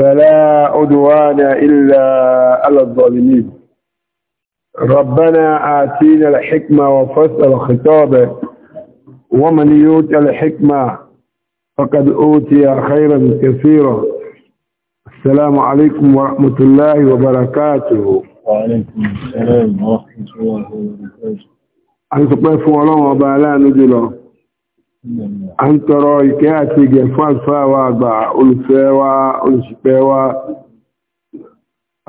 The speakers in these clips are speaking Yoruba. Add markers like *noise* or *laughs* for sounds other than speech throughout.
فلا عدوان إلا على الظالمين ربنا آتينا الحكمة وفصل الخطاب ومن يؤت الحكمة فقد أوتي خيرا كثيرا السلام عليكم ورحمة الله وبركاته وعليكم السلام ورحمة الله وبركاته أنا سأقول فوالله وبعلا نجله a ń tọrọ ìkẹ́ àti ìgẹ̀ fún àlùfáà wa àgbà olùfẹ́ wa olùṣìpẹ̀ wa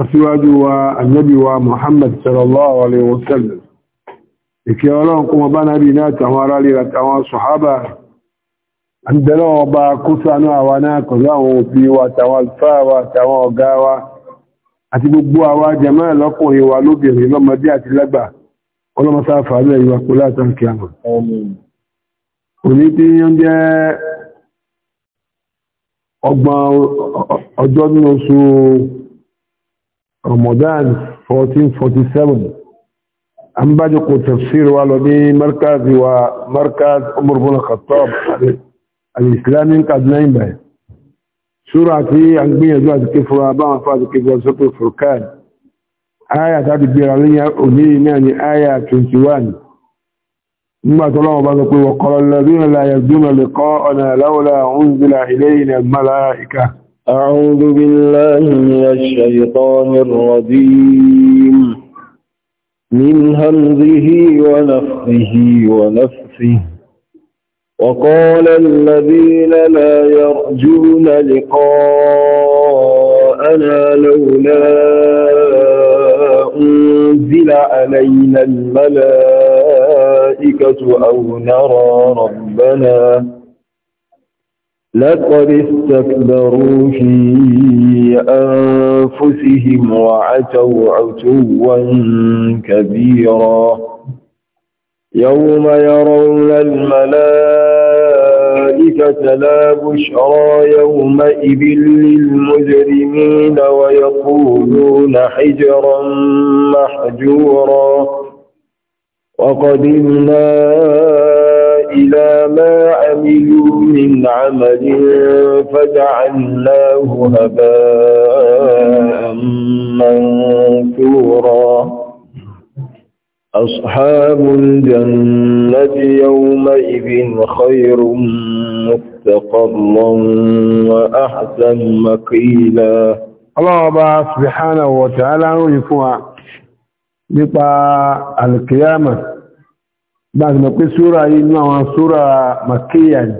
aṣíwájú wa annabi wa muhammad sallallahu alaihi wasallam ìkẹ́ ọlọ́run kúmọ bá nábi náà tàwọn ará lè àtàwọn sọ̀hábà ń bẹ̀rẹ̀ ọba kúsànú àwa náà pẹ̀lú àti gbogbo àwa jẹmọ́ ẹ̀lọ́kùnrin wa lóbìnrin lọ́mọdé àti lágbà ọlọ́mọsáfà lẹ́yìn wa látàkì àmà òní tí ó ń jẹ́ ọgbọ̀n ọjọ́ nínú oṣù Ramadan 1447 an bá jẹ́ kò tafsir wa lọ ní markaz wa markaz Umar bin Khattab al-Islami Kaduna ìgbà ṣúra tí a ń gbìyànjú àti kéfura báwọn fà àti kéfura sọ́pẹ̀ Furqan aya ta ti òní náà ni 21 تلاه بعد بعضك وقال الذين لا يرجون لقاءنا لولا أنزل إلينا الملائكة أعوذ بالله من الشيطان الرجيم من همزه ونفخه ونفخه وقال الذين لا يرجون لقاءنا لولا أنزل أنزل علينا الملائكة أو نرى ربنا لقد استكبروا في أنفسهم وعتوا عتوا كبيرا يوم يرون الملائكة ذلك لا بشرى يومئذ للمجرمين ويقولون حجرا محجورا وقدمنا إلى ما عملوا من عمل فجعلناه هباء منثورا أصحاب الجنة يومئذ خير مستقرا وأحسن مقيلا الله سبحانه وتعالى يفوع nípa alkiyama bá ti mọ̀ pé súra yìí ní àwọn súra makíyà ni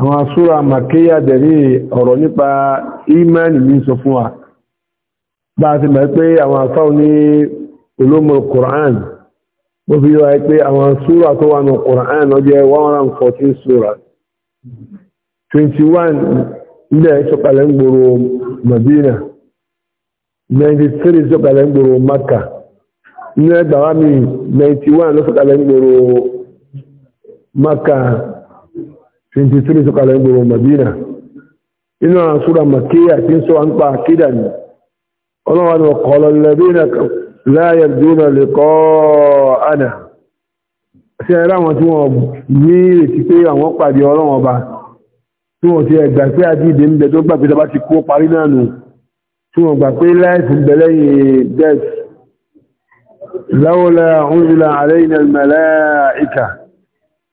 àwọn súra makíyà dẹ̀rí ọ̀rọ̀ nípa imani ní sọ fún wa bá ti mọ̀ pé àwọn afáwọn ní olómọ Quran bó fi yíwa pé àwọn súra tó wà ní Quran ó 114 súra 21 ilẹ̀ ìṣọ́kalẹ̀ ń gbòrò Madina 93 ìṣọ́kalẹ̀ ń gbòrò Maka ní ẹgbàwá mi 91 lọ́sọ̀kalẹ̀ ń gbòrò Maka 23 ìṣọ́kalẹ̀ ń gbòrò Madina inú àwọn súra Makiya tí ń sọ wọn pa akídà ni ọlọ́wọ́n ni ọkọ̀ ọlọ́lẹ́bí la yarjuna liqa'ana ṣe ẹ̀rá wọn tí wọ́n ní ìrètí pé àwọn pàdé ọlọ́wọ́n ọba tí wọ́n ti ẹ̀gbà pé àjíǹde ń bẹ tó gbà pé tọba ti kó parí náà nù tí wọ́n gbà pé láìsí ń bẹ lẹ́yìn death láwọ́lá oúnjẹ́lá alayna al-malaika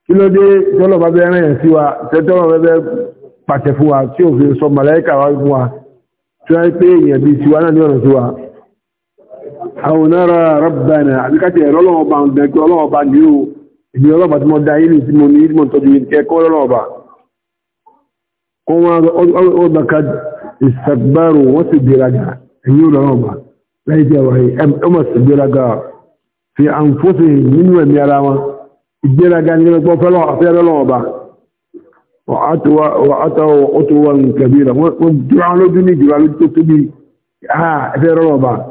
kí ló dé tọ́lọ̀ bá bẹ́ rẹ̀ sí wa tẹ́tọ́lọ̀ bẹ́ bẹ́ pàtẹ fún wa tí òfin sọ màláìkà wá fún wa tí wọ́n pé èèyàn bíi tiwa náà ní ọ̀nà sí wa àwọn náírà rabbana àbíkàtì ẹ̀rọ ọlọ́wọ́ ń gbẹ̀gbẹ̀ ọlọ́wọ́ ní ìbí tí mo da yìí tí mo ní ìdí ọrụ tọ́jú yìí kẹ́kọ́ ọlọ́wọ́ kó wọn ọdọ̀ka ìsàgbárò wọ́n fi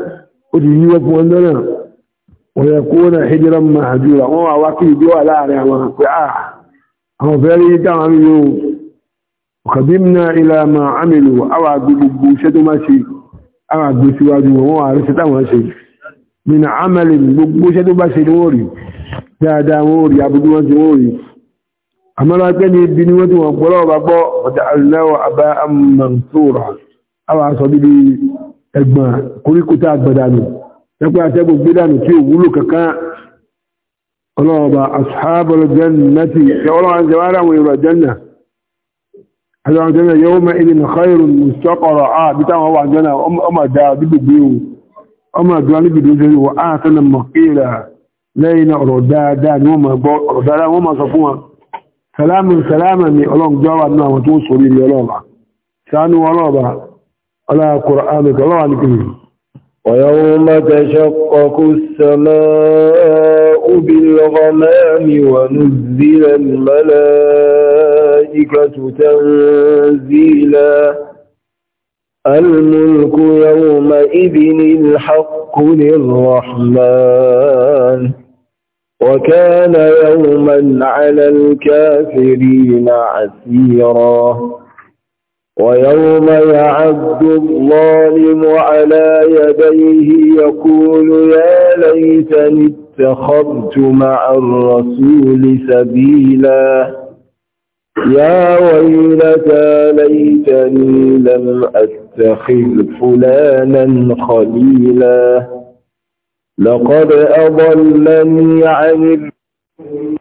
ó ti yíwọ́ fún wọn lọ́nà ọ̀yẹ̀ kó náà hijira mahajura wọ́n wà wá kí ìjọ wà láàrin àwọn pé ah, àwọn fẹ́rí dáwọn rí yóò ọ̀kàdímnà ilẹ̀ ma amìlò àwà gbogbo iṣẹ́ tó máa ṣe àwà gbé síwájú wọn wà rí sẹ́tàwọn ṣe nínú amẹ́lì gbogbo iṣẹ́ tó bá ṣe ni wọ́n rí dáadáa wọ́n rí abúgbó wọn ti wọ́n rí àmọ́lá pé ní ibi ni wọ́n ti wọ́n gbọ́lọ́wọ́ bá gbọ́ ọ̀dà aláwọ̀ abá amàntúrà àwà sọ bíbí ẹgbọ̀n koríkótà àgbàdànù ẹgbẹ́ àtẹ́gbò gbédànù tí ò wúlò kankan ọlọ́ọ̀bà asáàbọ̀lọ̀ jannati ọlọ́wọ́n jẹ́ wára àwọn èrò jẹ́nà aláwọ̀ jẹ́nà yóò mẹ́ ilẹ̀ nàkàírù mùsọ́kọ̀rọ̀ àbí táwọn wà jẹ́nà ọmọ dá dígbègbè o ọmọ àdúrà níbi tó ṣe wọ àtẹnà mọ̀kíra lẹ́yìn ọ̀rọ̀ dáadáa ni wọ́n máa gbọ́ ọ̀rọ̀ dáadáa wọ́n máa sàlámù sàlámù ni ọlọ́run gbọ́ wà tó ń sọ nílé ọlọ́ọ̀bà sánú ọlọ́ọ̀bà على قرآنك الله عليك ويوم تشقق السماء بالغمام ونزل الملائكة تنزيلا الملك يومئذ الحق للرحمن وكان يوما على الكافرين عسيرا ويوم يعد الظالم على يديه يقول يا ليتني اتخذت مع الرسول سبيلا يا ويلتى ليتني لم أتخذ فلانا خليلا لقد أضلني عن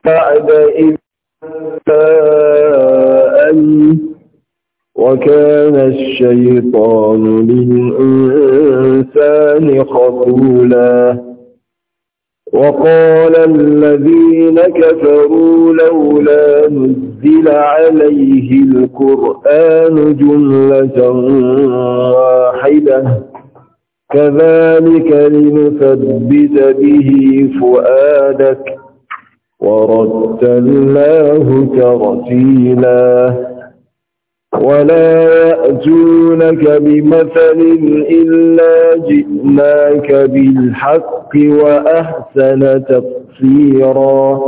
بعد إذ جاءني وكان الشيطان للإنسان خطولا وقال الذين كفروا لولا نزل عليه القرآن جملة واحدة كذلك لنثبت به فؤادك ورتلناه ترتيلاً ولا يأتونك بمثل إلا جئناك بالحق وأحسن تفسيرا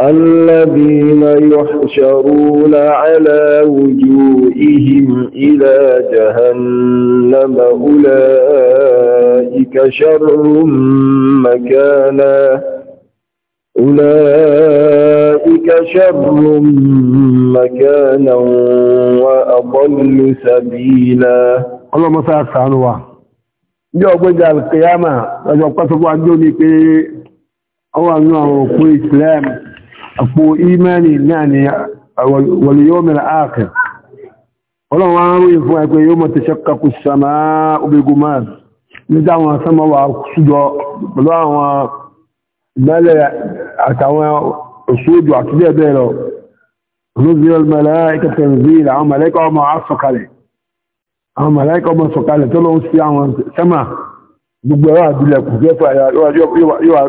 الذين يحشرون على وجوههم إلى جهنم أولئك شر مكانا أولئك شر مكانا وأضل سبيلا اللهم صل على سعد jọ gbẹ́jà alkiyama ọjọ́ pẹ́sọ́gbọ́ ajọ́ ní pé ọwà ní àwọn òkú islam àpò imani náà ni wàlú yóò mẹ́ra áàkì ọlọ́run wá fún ẹgbẹ́ yóò mọ̀ ti ṣẹ́kàkù sàmà نزل الملائكة تنزيل àwọn mẹ́lẹ́kọ́ ọmọ asọ̀kalẹ̀ àwọn mẹ́lẹ́kọ́ ọmọ sọ̀kalẹ̀ tó lọ sí àwọn sẹ́mà gbogbo ẹ̀rọ àdúlẹ̀ kù jẹ́fà yíwa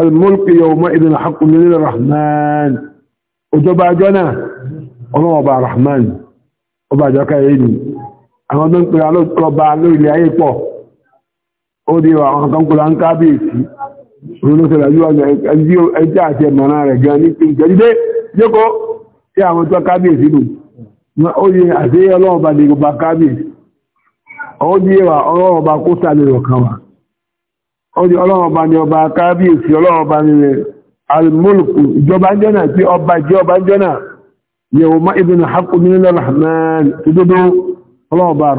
al-mulku yawma idhin haqqun lil-rahman ojọba ajọ́ náà ọlọ́wọ́ ọba rahman ọba àjọ káyé ni àwọn tó ń pèrè alọ́ba lórílẹ̀ ayé pọ̀ ó di àwọn kan kúrò ń kábíyèsí olóṣèlú ẹjọ́ àti ẹ̀mọ̀ràn rẹ̀ gan ní pé ìjẹ́dídé jókó tí àwọn tó kábíyèsí nù ó yẹ àti ọlọ́run bá dìgbò bá kábíyèsí ọwọ́ bí wà ọlọ́run bá kó sàlẹ̀ ọ̀kan wà ó di ọlọ́run bá ní ọba kábíyèsí ọlọ́run ní rẹ̀ ìjọba jọ́nà tí ọba jẹ́ ọba jọ́nà yẹ̀wò má ibn haqqu min rahman tududu ọlọ́run bá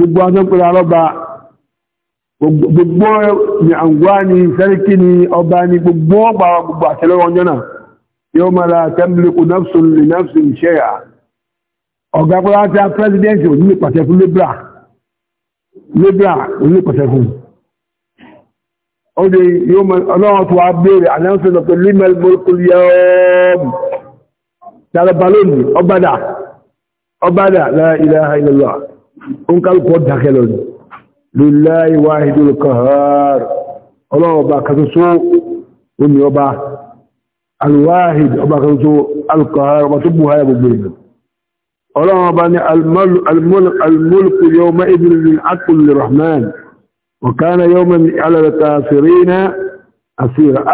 gbogbo ọjọ́ pẹ̀lú alọ́ba gbogbo ni àǹgbá ni sẹ́ríkì ni ọba ni gbogbo ọgbà gbogbo àtẹ́lẹ́wọ̀ ọjọ́ náà yóò mara tẹ́mílẹ́kù nafsun lè nafsun ṣẹ́yà ọ̀gá pẹ́lá tí a pẹ́sidẹ́ntì ò nílé pàṣẹ fún lébra lébra ò nílé pàṣẹ fún ọdẹ yóò mọ ọlọ́run balóòlù ọbádà ọbádà la ilaha illallah ó ń kálùkọ́ dákẹ́ lọ lillahi wahidul qahhar ọlọ́ọ̀bá kàtútù omi ọba alwahid ọba kàtútù alqahhar ọba tó buhari gbogbo ìlú ọlọ́ọ̀bá ni almulku yawma idin min akul rahman wa kana yawman ala al-kafirina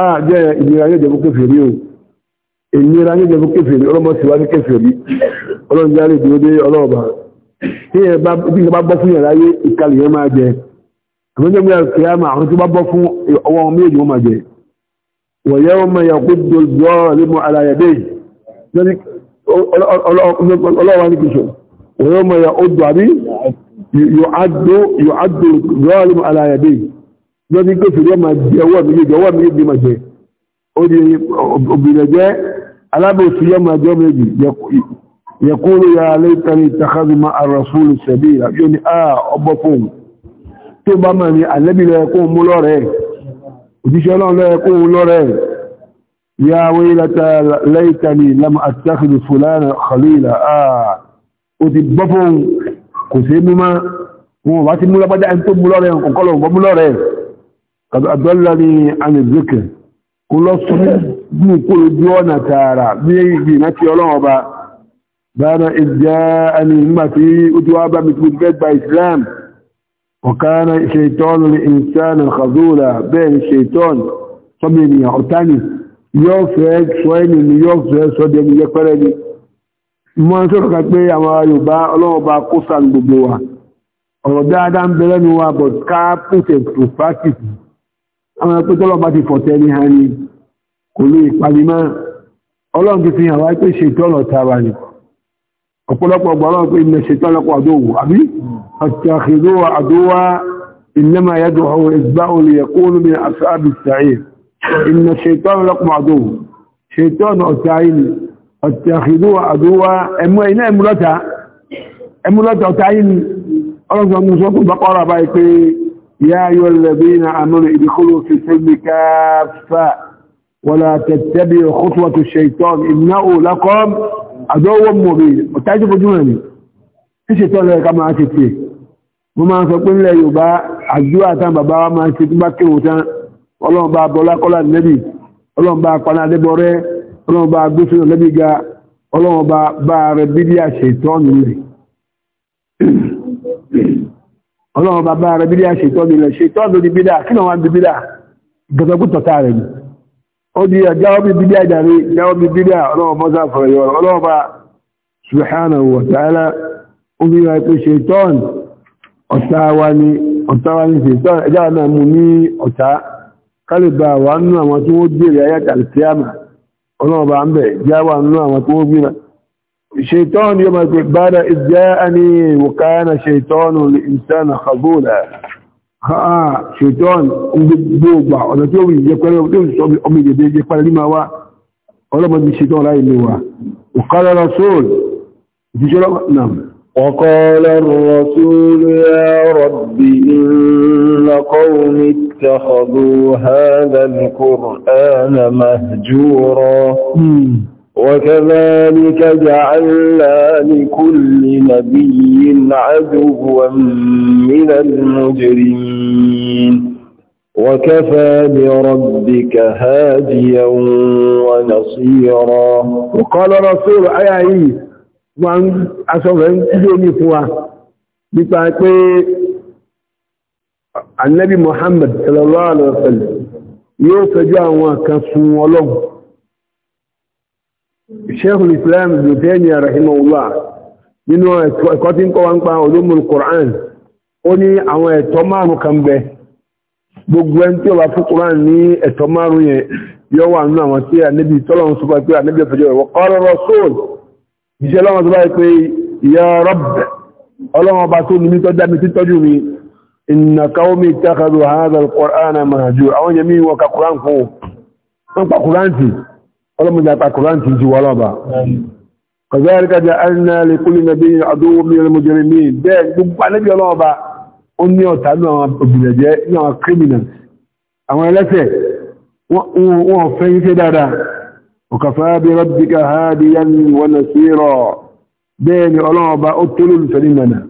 ah, jẹ́ ìnira yóò jẹ́ bókè o ìnira yóò jẹ́ bókè fèrè síwájú kẹfẹ̀rí ọlọ́run járe dúró dé ọlọ́ọ̀bá tí ẹ bá bí ẹ bá bọ́ fún yàrá yé ìkàlẹ̀ yẹn máa jẹ àwọn jẹ́ gbéra kìí àmà àwọn tí ó bá bọ́ fún ọwọ́ wọn méjì wọ́n máa jẹ wọ̀nyẹ́ wọn máa yàkó dòdò ọ̀rẹ́mọ aláyàdé lórí ọlọ́wà ní kìsọ̀ wọ̀nyẹ́ wọn máa yà ó dò àbí yóò àdó ọ̀rẹ́mọ aláyàdé lórí kẹfìrí ọmọ jẹ ọwọ́ méjì ọwọ́ méjì máa jẹ ó di obìnrin jẹ alábòsí ọmọ jẹ ọmọ méjì يقول يا ليتني اتخذ مع الرسول سبيلا يوني اه ابوكم تو بما ني النبي لا يكون مولوره وديش الله لا يكون مولوره يا ويلتى ليتني لم اتخذ فلانا خليلا اه ودي بفون كوسيما هو واسي مولا بدا ان تو مولوره كونكلو مولوره قد اضلني عن الذكر كل صوم بو كل جوانا تارا بيجي نتي الله bára ìjá ẹni nígbà tí ó ti wá bá mi tí fẹ́ gba islam ọ̀kára ṣeitọ́n ìsàn àkàzóòlà bẹ́ẹ̀ ni ṣeitọ́n sọmọ ènìyàn ọ̀tánì yóò fẹ́ sọ ẹni ni yóò fẹ́ sọ dẹni yẹpẹrẹ ni mọ́ sọ́rọ̀ ká pé àwọn Yorùbá ọlọ́ọ̀bá kó sàn gbogbo wa ọ̀rọ̀ ọ̀pọ̀lọpọ̀ ọgbọ̀rọ̀ إن الشيطان لكم àdówò أبي àtàkìdó àdówà إنما يدعو إزباء ليكون من أصحاب السعير إن الشيطان لكم عدو شيطان أتعين أتخذوا عدوا أمو إنا أمولتا أمولتا أتعين أرضا نصف بقرة بايك يا أيها الذين آمنوا ادخلوا في سلم كافة ولا تتبعوا خطوة الشيطان إنه لكم àjọwọ́ mọ̀ rí ọ̀tájú fojú rẹ̀ ní ṣíṣe tọ́lẹ̀ ká máa ṣe pé mo máa sọ pé nílẹ̀ Yorùbá àdúrà tán bàbá wa máa ṣe tó bá kéwò tán ọlọ́run bá bọlá kọ́lá nẹ́bì ọlọ́run bá paná adébọrẹ́ ọlọ́run bá gbóṣùn lẹ́bì ga ọlọ́run bá bá rẹ bídí àṣẹ ìtọ́nù rẹ̀ ọlọ́run bá bá rẹ bídí àṣẹ ìtọ́nù rẹ̀ ṣe ìtọ́nù ní bídà kí odi ajawo bi bidia jari jawo bi bidia ọlọ́wọ́ mọ́sá fọ̀rọ̀yọ́ ọlọ́wọ́ bá subhanahu wa ta'ala omi wa ikú ṣetán ọ̀tá wa ni ọ̀tá wa ni ṣetán ẹjá náà mú ní ọ̀tá kálìbà wà nínú àwọn tí wọ́n gbèrè ayáta alkiyama ọlọ́wọ́ bá ń bẹ̀ já wà nínú àwọn tí wọ́n gbèrè ṣetán yóò máa pè bára khabula haa ṣètọ́n gbogbo ọ̀nà tí ó wù yẹ pẹ́lú ọmọdé ìṣọ́bí ọmọ ìdèdè yẹ pẹ́lú ní máa wá ọlọ́mọdé ṣètọ́n láì lè wà ọ̀kọ́lọ́ rasul ìṣẹ́ náà ọ̀kọ́lọ́ rasul ya rabbi inna qawmi ittakhadhu hadha al-qur'ana mahjura وكذلك جعلنا لكل نبي عدوا من المجرمين وكفى بربك هاديا ونصيرا وقال رسول أيعي وعن أصلا جوني فوا النبي محمد صلى الله عليه وسلم يوسف جاء وكسو له الشيخ الإسلام ابن تيمية رحمه الله nínú ẹ̀kọ́ tí ń kọ́ wá ń pa olómùn Qur'an ó ní àwọn ẹ̀tọ́ márùn kan bẹ gbogbo ẹni tí ó bá fún Qur'an ní ẹ̀tọ́ márùn yẹn yọ wà nínú àwọn tí ànábì tọ́lọ̀un sọ́kọ́ pé ànábì ọ̀fẹ́jọ́ ẹ̀wọ̀ qala rasul iṣẹ́ lọ́wọ́ tó báyìí pé ya Rabb ọlọ́wọ́n ọba tó ní tọ́já mi tí tọ́jú mi inna qaumi ittakhadhu hadha al-Qur'ana mahjura àwọn yẹn mi wọ́n ka Qur'an fún wọn pa Qur'an tì ولم يجعل القرآن تنجي ولا با كذلك جعلنا لكل نبي عدو من المجرمين ده بقى نبي الله با أني أتعلم أبنجاء يا كريمينال أما لسه وفين كدارا وكفى بربك هاديا ونسيرا بين الله با أتلل فلمنا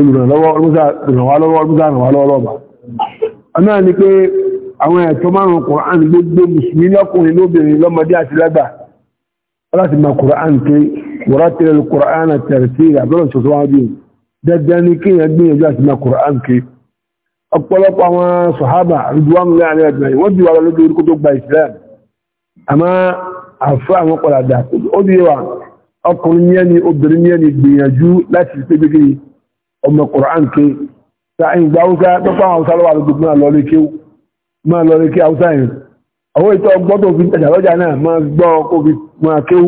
ìrànlọ́wọ́ ọlọ́mọdá ìrànwọ́ ọlọ́wọ́ ọlọ́mọdá ìrànwọ́ ọlọ́wọ́ ọlọ́mọdá àwọn ẹ̀tọ́ márùn-ún Kùránì gbogbo musulmi lọ́kùnrin lóbìnrin lọ́mọdé àti lágbà láti ma Kùránì pé wọ́rátẹ̀lẹ̀ Kùránì tẹ̀rẹ̀tẹ̀rẹ̀ àbẹ́rẹ̀ ṣoṣo wá bí dandan ni kí yẹn gbìyànjú àti ma Kùránì pé ọ̀pọ̀lọpọ̀ àwọn sọ̀hábà ridwan láàrin ẹ̀dùn wọ́n di wàrà lójú orúkọ tó gba Islam àmọ́ àfẹ́ àwọn pọ̀làdà ó di wa ọkùnrin yẹn ni obìnrin yẹn ni gbìyànjú láti pé gbégbé ọmọ Kùránì pé máa lọ rí kí haúsá yẹn owó ìtọ́ gbọ́tò fi tẹ̀jà lọ́jà náà máa gbọ́ kó fi máa kéwú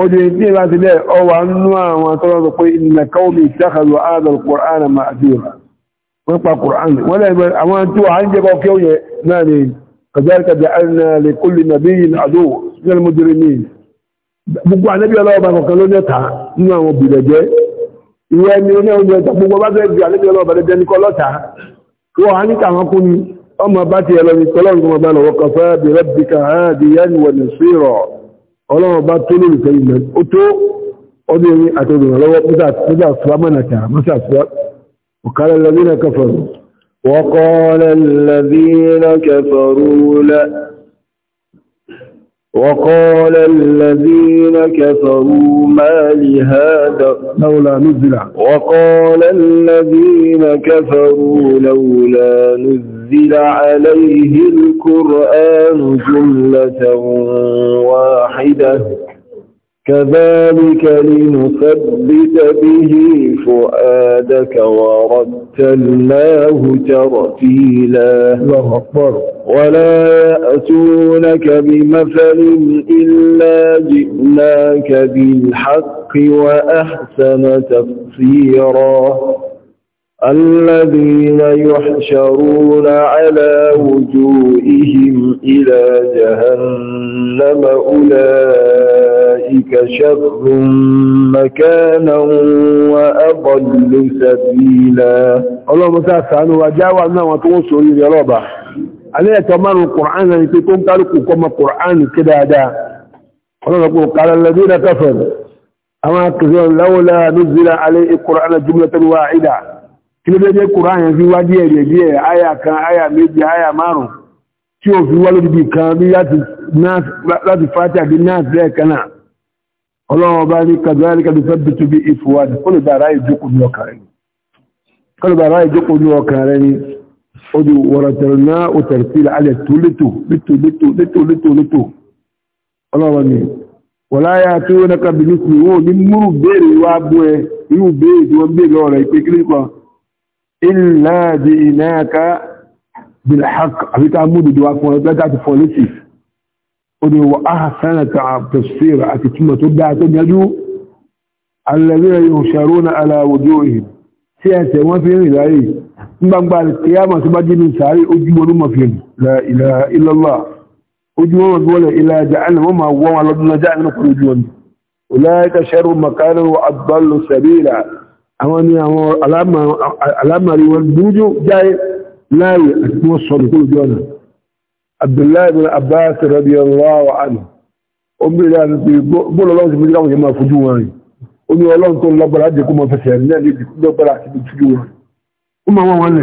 ó di ti ọwà àwọn pé al-Qur'an mahjura wọ́n pa Qur'an wọ́n lẹ́gbẹ̀ àwọn tí wà ń jẹ́kọ́ kéwú yẹ náà ni gbogbo ló nẹ́ta nínú àwọn ìwé ẹni oúnjẹ gbogbo bá fẹ́ bí lẹ́jẹ́ ní kọ́ ọmọ bá ti ẹlọ́ni tọ́lọ́run tó mọ̀ bá lọ́wọ́ kan fẹ́ bí rabbika hadiyan wa nasira ọlọ́run bá tó lórí ìfẹ́ ìlẹ̀ ó tó ọdún ẹni àtọ́gbọ̀n وقال الذين كفروا ما لهذا لولا نزل وقال الذين كفروا لولا نزل عليه القرآن جملة واحدة كذلك لنثبت به فؤادك ورتلناه ترتيلا ولا يأتونك بمثل إلا جئناك بالحق وأحسن تفسيرا الذين يحشرون على وجوههم إلى جهنم أولئك شر مكانا وأضل سبيلا اللهم وجاوة أنه وتوصل إلى ربا عليه تمر القرآن أن يعني تكون تلقوا كما القرآن كده دا قال الذين كفروا أما كذلك لولا نزل عليه القرآن جملة واحدة kí ló dédé kùrán yẹn fi wá díẹ̀ díẹ̀ díẹ̀ àyà kan àyà méjì àyà márùn tí ó fi wá lórí kan bí láti fàtí àbí náà bẹ́ẹ̀ kanáà ọlọ́run ọba ní kàdúrà bí sọ́bí tó bí ìfúwádì kọlùbàrá ìjókòó ní ọkàn rẹ̀ ni ó di wọ̀rọ̀tẹ̀rẹ̀ náà ó tẹ̀rẹ̀sílẹ̀ alẹ̀ tó létò létò létò létò létò létò ni wọ̀láyà tó rẹ̀ kàbí ní ìwò ní múrù béèrè wá bú ẹ irú béèrè tí wọ́n béèrè lọ́rẹ̀ ìpé kílípọ̀ إلا جئناك بالحق أبيت أمود دواكم ولدت فوليسي ودي وأحسن تفسير أكتمة تدعى تنجو الذين يهشرون على وجوههم سياسة ما فيهم إلهي من بعد القيامة تبجي من ساري أجمل ما فيهم لا إله إلا الله أجمل ولا إلا جعلنا وما هو وما لدنا جعلنا كل أجمل أولئك شر مكانا وأضل سبيلا àwọn ni àwọn alámàrí wọn gbúrújú jáyé láàyè àti wọ́n sọ̀rọ̀ tó lójú ọ̀nà abdullahi bin abbas radiyallahu anhu o mẹ́rin àti pé bọ́ọ̀lọ́wọ́ sí méjìlá wọ́n máa fojú wọn rí o ní ọlọ́run tó lọ́gbọ́ra jẹ́ kó máa fẹsẹ̀ rí náà lébi lọ́gbọ́ra àti bí fojú wọn ó máa wọ́n wọn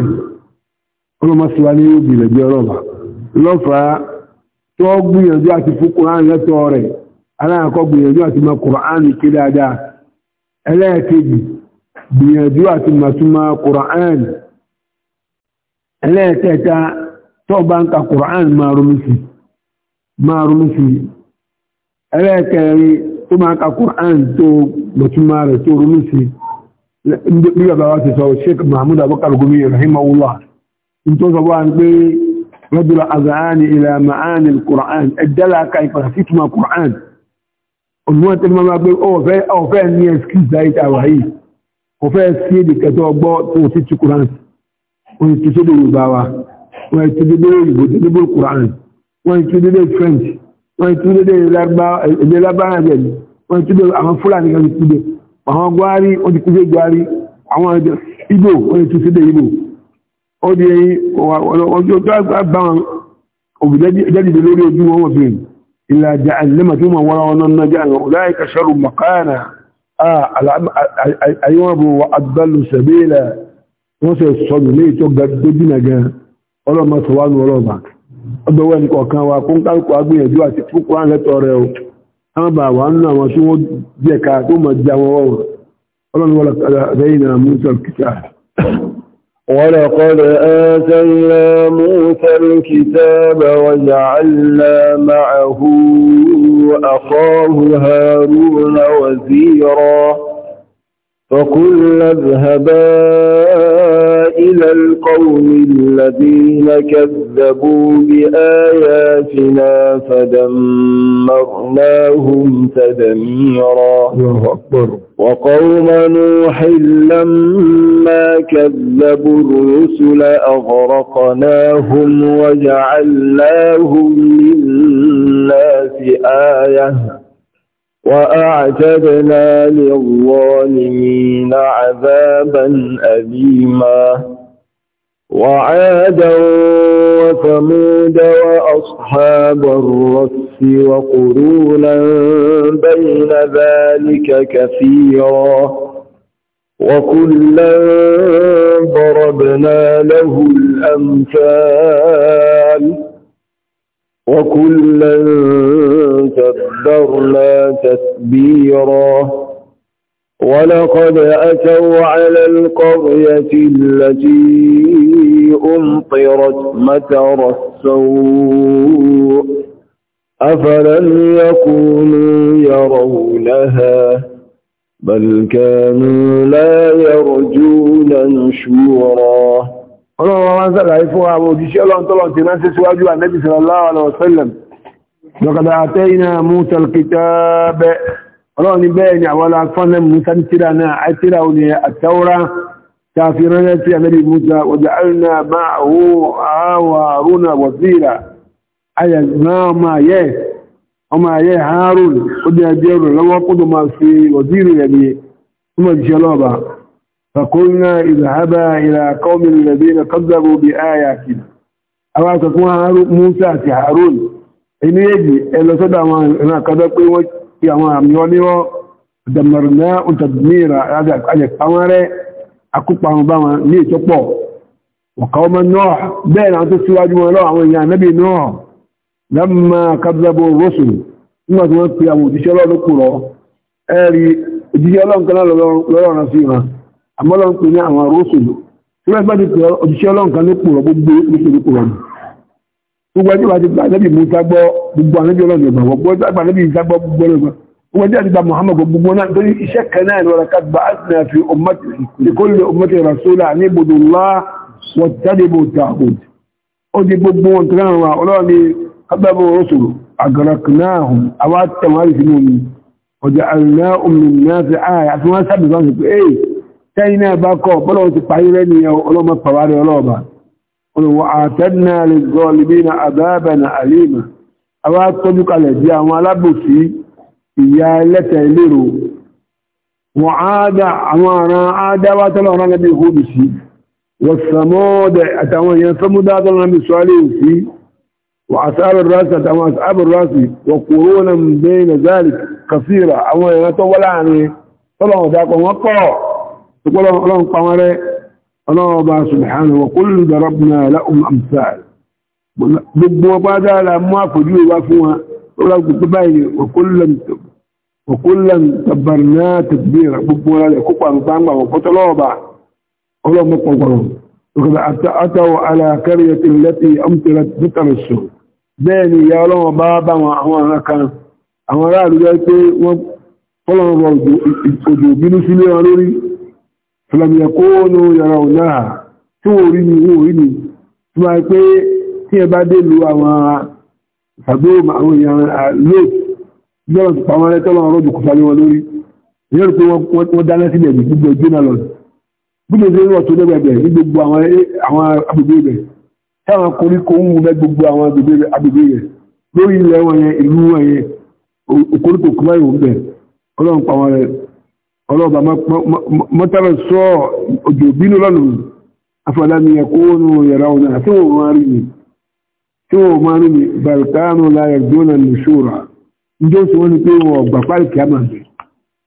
lẹ̀ ọlọ́run gbìyànjú àti màtúmọ̀ Qur'an ẹlẹ́ẹ̀kẹta tó bá ń ka Qur'an máa rúmùsì máa rúmùsì ẹlẹ́ẹ̀kẹrin tó máa ka Qur'an tó màtúmọ̀ rẹ̀ tó rúmùsì bí bàbá wa ti sọ Sheikh Mahmud Abubakar Gumi rahimahullah in tó sọ bá ń القرآن الدلع كيف ما قرآن المهم ما بقول زايد أو kò fẹ́ sí èdè kẹtọ́ ọgbọ́ tó ti ti kùránì wọ́n ti ti dé yorùbá wa wọ́n ti dé ìbò tó débò kùránì wọ́n ti dé french wọ́n ti dé èdè lábára jẹ̀lú wọ́n ti dé àwọn fúlàní kan ti dé àwọn gwari wọ́n ti kúdé gwari àwọn ìgbò wọ́n ti ti dé ìgbò ó di ọjọ́ tó bá wọn òbíjẹ́dìdè lórí ojú wọn wọ́n fi ìlàjà àlẹ́mà tó mọ̀ wọ́n náà jẹ́ àwọn ọ̀láìkà sharru makana àyíwọ̀bù àgbàlù sẹ̀bílẹ̀ wọ́n sẹ̀ sọ̀rọ̀ ní ìtọ́ gbẹ́gbẹ́jìnà gan ọlọ́mọ sọ̀wánú ọlọ́mà ọdọ́wọ́ ẹni kọ̀ọ̀kan wa kún kálùkù agbìyànjú àti fúnkún àlẹ́tọ̀ rẹ̀ o àwọn bá wà nínú àwọn tí wọ́n jẹ́ ká tó mọ̀ jẹ́ àwọn ọlọ́run wọ́n lẹ́yìn náà mú sọ̀rọ̀ ولقد آتينا موسى الكتاب وجعلنا معه أخاه هارون وزيرا فقلنا اذهبا إلى القوم الذين كذبوا بآياتنا فدمرناهم تدميرا الله أكبر وقوم نوح لما كذبوا الرسل أغرقناهم وجعلناهم للناس آية وأعتدنا للظالمين عذابا أليما وعادا وثمود وأصحاب الرس وقرونا بين ذلك كثيرا وكلا ضربنا له الأمثال وكلا تبرنا تتبيرا ولقد أتوا على القرية التي التي أمطرت مكر السوء أفلم يكونوا يرونها بل كانوا لا يرجون نشورا ọlọ́run wọn sàlàyé fún àwọn òjíṣẹ́ ọlọ́run tọ́lọ̀ tí ránṣẹ́ síwájú ànẹ́bì sallallahu alaihi wasallam lọ́kàdà àtẹ́yìnà Musa al-kitab bẹ́ ọlọ́run bẹ́ẹ̀ ni àwọn afọ́nà Musa tíra náà كافرنا في عمل موسى وجعلنا معه هارون وزيرا أي ما ما يه وما يه هارون قد يدير لو قد ما في وزير يبي ثم الجلابة فقلنا اذهبا إلى قوم الذين كذبوا بآياتنا أو تكون هارون موسى في هارون إن يجي إلا صدى ما أنا كذا قوي يا ما أميوني ودمرنا وتدميرا هذا أجل أمره akóparun bá wọn ní ìtọ́pọ̀ ọ̀ká ọmọ náà bẹ́ẹ̀ náà tó síwájú wọn lọ́wọ́ àwọn èèyàn nẹ́bì náà lámà kábíyàbò rọ́sùn nígbà tí wọ́n àwọn òjíṣẹ́ ẹ̀rí òjíṣẹ́ sí wọn àmọ́ lọ́run وجاء بها محمد وبمنا دي شكنا ولقد بعثنا في أمة لكل أمة رسولا أن يعبدوا الله واتبعوا الطاغوت ودي بمون تنوا ولاني قبل الرسل أغرقناهم أوات تمارسون وجعلناهم للناس آية ثم سبب ذلك إيه تينا باكو بلو تفايرني ولو ما فواري ولو با وعاتدنا للظالمين عذابا أليما أوات تجوك على جاء ولا بسي ìyá ẹlẹ́tẹ̀ ìlérò wọ́n áádá àwọn ará ádáwà tọ́lọ̀ ọ̀rán lẹ́bí ìhòdù sí wọ́n sàmọ́ọ̀dẹ̀ àtàwọn èèyàn sọ́múdá tọ́lọ̀ lẹ́bí sọ́lé òsí wọ́n asáàbẹ̀ rásì àtàwọn asáàbẹ̀ rásì wọ́n kòrò na bẹ́ẹ̀nà záàlì kàfíra àwọn èèyàn tó wọ́ láàrin tọ́lọ̀ ọ̀dàkọ̀ wọ́n kọ́ ọlọ́run وكلا تبرنا تدبيرا بقولا لكوبا نتانبا وفتلوبا قولوا مقوقروا وقد أتوا على كرية التي أمطرت بطر السوء بيني يا لهم بابا وأحوانا كان أما رأى لجايتي فلما رأوا بنو سليا نوري فلم يكونوا يرونها توريني وريني ثم يقول هي بعد اللي هو فدوم أو يعني لوت lọ́rọ̀ tó pàwọn ẹrẹ́ tọ́lọ́ ọ̀rọ̀ òjòkó falẹ̀ wọn lórí ìyẹn rò pé wọ́n dáná sílẹ̀ ní gbogbo ẹgbẹ́ náà lọ bí lè rírọ̀ tó lẹ́gbẹ̀ẹ́ ní gbogbo àwọn agbègbè rẹ̀ táwọn koríko ń wúlẹ̀ gbogbo àwọn agbègbè rẹ̀ lórí ilẹ̀ wọn yẹn ìlú wọn yẹn òkúrúkò kúmá ìwò bẹ̀ ọlọ́run pàwọn njẹ́ oṣù wọn ni pé wọn ọgbà parí kìámà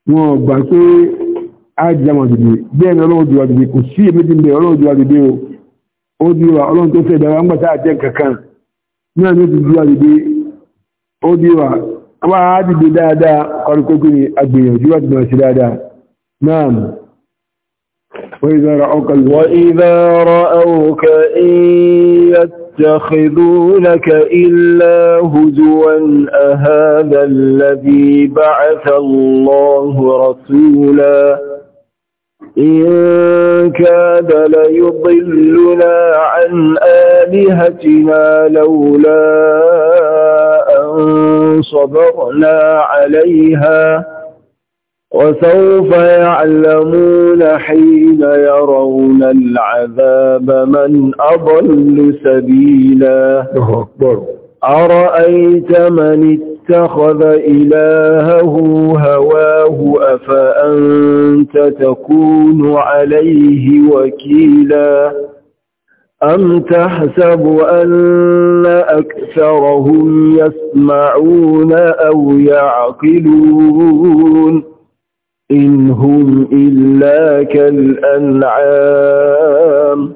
bẹ̀ wọn ọgbà pé ájàmà dìde bẹ́ẹ̀ ni ọlọ́run jùlọ dìde kò sí èmi dìde ọlọ́run jùlọ dìde o ó di wa ọlọ́run tó fẹ́ dára ńgbà tá a kankan náà ni ó jùlọ dìde ó di wa wá á dìde dáadáa kọ́rọ́kọ́kọ́ ni agbèyànjú láti máa ṣe dáadáa náà وإذا رأوك وإذا رأوك إن يتخذونك إلا هزوا أهذا الذي بعث الله رسولا إن كاد ليضلنا عن آلهتنا لولا أن صبرنا عليها وسوف يعلمون حين يرون العذاب من أضل سبيلا أرأيت من اتخذ إلهه هواه أفأنت تكون عليه وكيلا أم تحسب أن أكثرهم يسمعون أو يعقلون إن هم إلا كالأنعام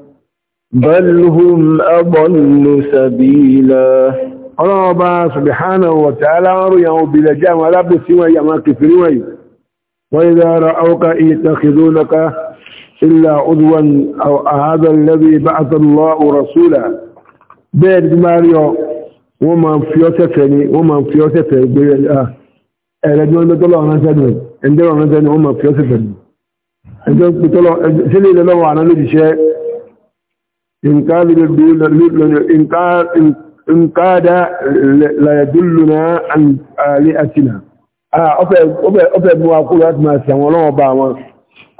بل هم أضل سبيلا الله سبحانه وتعالى وريهم بلجام ولبس ويما كفر وي وإذا رأوك يتخذونك إلا عضوا أو هذا الذي بعث الله رسولا بيت ماريو ومن فيوتتني ومن فيوتتني بيت آه ẹ̀rẹ́jọ́ lọ́tọ́lọ́ ránṣẹ́nu ẹ̀ndẹ́rọ̀ ránṣẹ́nu ọmọ fíọ́sìfẹ̀lú ẹjọ́ pẹ̀tọ́lọ́ sílẹ̀ ilẹ̀ lọ́wọ́ àná lórí iṣẹ́ nkáàdá làyàdúlùnà àlẹ́ àṣìnà ọfẹ́ mú akúrò láti máa sàwọn ọlọ́wọ́ bá wọn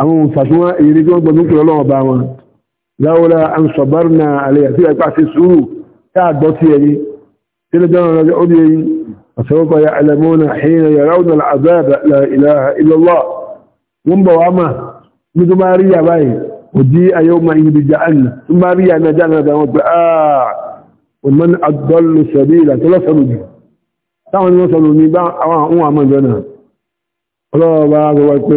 àwọn òṣàtúnwá èyí tó ń gbọdún kúrò ọlọ́wọ́ bá wọn láwọ́lá àǹsọ̀bárùnà àlẹ́ àṣìnà إلا دعنا لأولي فسوف يعلمون حين يرون العذاب لا إله إلا الله بوامة عما نتماريا باي وجيء يوم إذ بجعلنا نتماريا نجعلنا دعوت آه ومن أضل سبيلا تلصنوا جي تعمل نصنوا نباع أواه أواه من دنا الله بعض وقت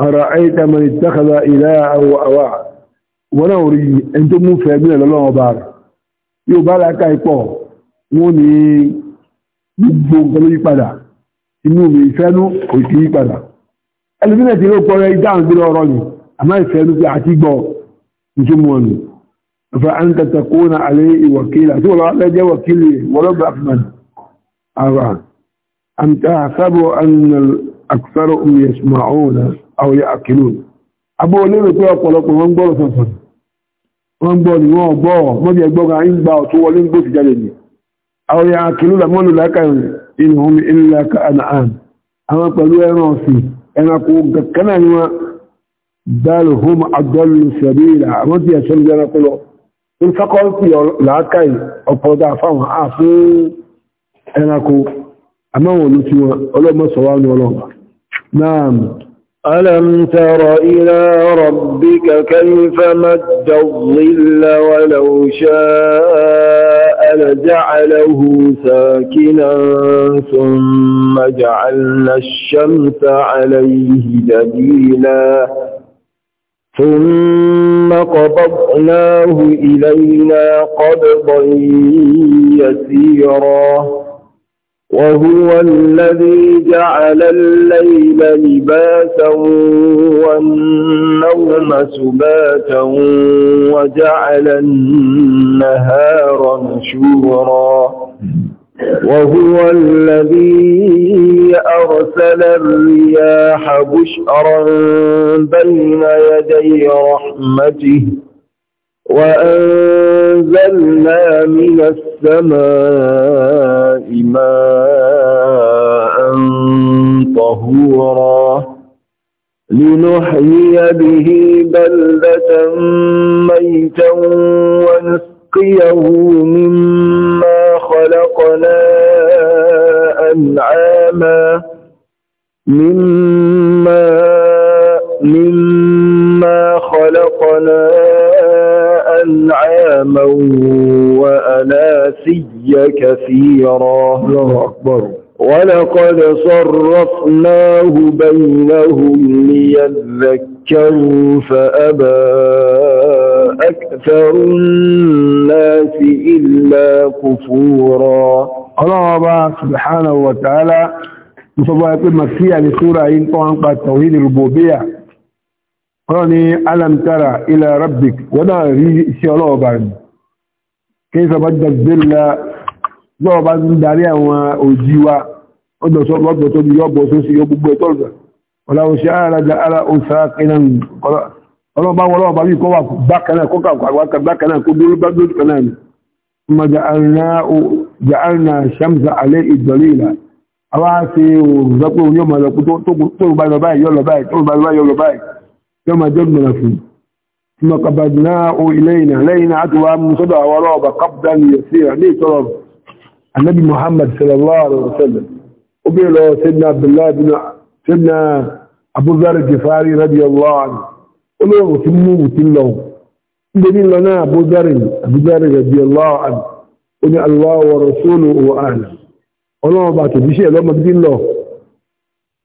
أرأيت من اتخذ إله أو أواه ونوري أنتم مفهمين لله بعض يبالك أي قوم wọ́n ní gbogbo nǹkan ló yípadà inú mi ìfẹ́nú kò sí yípadà ẹlòmínà tí ó pọrọ ìdáhùn gbé ọ̀rọ̀ ni àmọ́ ìfẹ́nú pé àti gbọ́ nítorí wọn ni ọ̀fẹ́ àǹtẹ̀tẹ̀ kó na àlẹ́ ìwọ̀kílà tí wọ́n lọ jẹ́ wọ̀kílì wọ́lọ́ brafman ara àǹtẹ̀ àṣàbọ̀ àǹnà àkùsọ̀rọ̀ omi ẹ̀sùn àwọn àwòyẹ àkìlù abọ́ olérò pé ọ̀pọ̀lọpọ̀ wọn أو يعقلون مولو لك إنهم إلا كأنعام أما قالوا يا ناصي أنا أقول كنا بل هم أضل سبيلا أما دي أسلم أنا أقول إن فقلت لك أفضع فهم عاصي أنا أقول أما هو نتوى ألو ما سوان ولو نعم ألم تر إلى ربك كيف مد الظل ولو شاء جعله ساكنا ثم جعلنا الشمس عليه دليلا ثم قبضناه إلينا قبضا يسيرا وهو الذي جعل الليل لباسا والنوم سباتا وجعل النهار نشورا وهو الذي أرسل الرياح بشرا بين يدي رحمته وأنزلنا من السماء ماء طهورا لنحيي به بلدة ميتا ونسقيه مما خلقنا أنعاما مما أحكاما وأناسيا كثيرا الله أكبر ولقد صرفناه بينهم ليذكروا فأبى أكثر الناس إلا كفورا الله سبحانه وتعالى مصبوع يقول لسورة إن طوانقى التوحيد الربوبية wọ́n ni alamtara ila rabbik wọ́n náà rí iṣẹ́ ọlọ́ọ̀bá rẹ̀ kí n sọba jẹ́gbẹ́lá lọ́ọ̀bá ń darí àwọn òjì wa ọdọ̀tọ́ bí yọ́bọ̀ tó sí gbogbo ẹ̀tọ́ rẹ̀ ọ̀làwọ̀ sí àràjà ara òsà kìnnàn ọlọ́ọ̀bá àwọn àti òrùn lọ́pọ̀ òun yóò mọ̀ lọ́pọ̀ tó bá lọ báyìí yọ́ lọ báyìí tó bá lọ báyìí yọ́ lọ báyìí كما جبنا فيه ثم قبضناه إلينا لينا أتوا مصدع ورابة قبضا يسيرا ليه طلب النبي محمد صلى الله عليه وسلم وبيه له سيدنا عبد الله بن سيدنا أبو ذر الجفاري رضي الله عنه قلوا سموه تلهم قلوا لنا أبو ذر أبو ذر رضي الله عنه قل الله ورسوله وأعلم قلوا بعد بشيء لما قلوا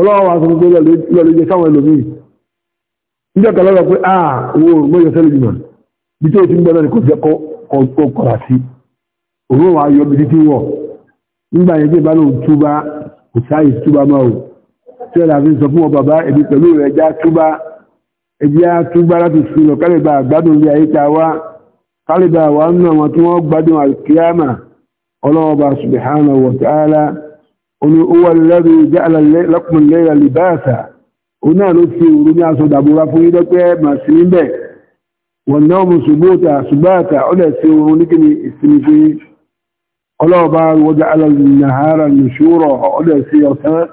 ọlọ́wọ́ wa sọ pé lọ́lọ́ jẹ sáwọn ẹlòmíì níjọ́ kan lọ́rọ̀ pé ah owó mọ́ yọ sẹ́lẹ̀ jùmọ̀ bí tó ti ń gbọ́dọ̀ ní kò jẹ́ kọ́ kọ̀rà sí òun wa yọ bí títí wọ̀ nígbà yẹn jẹ́ ìbálòun túbá kò sáyè túbá máa o tí ẹ̀rọ àfi ń sọ fún wọn bàbá ẹbí pẹ̀lú rẹ̀ já túbá ẹbí á túbá láti sùn lọ kálíbà gbádùn ilé ayé ta wá kálíbà wà nínú àwọn tí wọ́n gbádùn àkíyàmà ọlọ́wọ́ bá subhanahu wa ta'ala هو الذي جعل لكم الليل لباسا هنا نفسي ورمي أصد أبو رفو إذا ما سنين به والنوم سبوتا سباتا أولا سيورونكني استمتي أولا بار وجعل النهار النشورا أولا سيوتا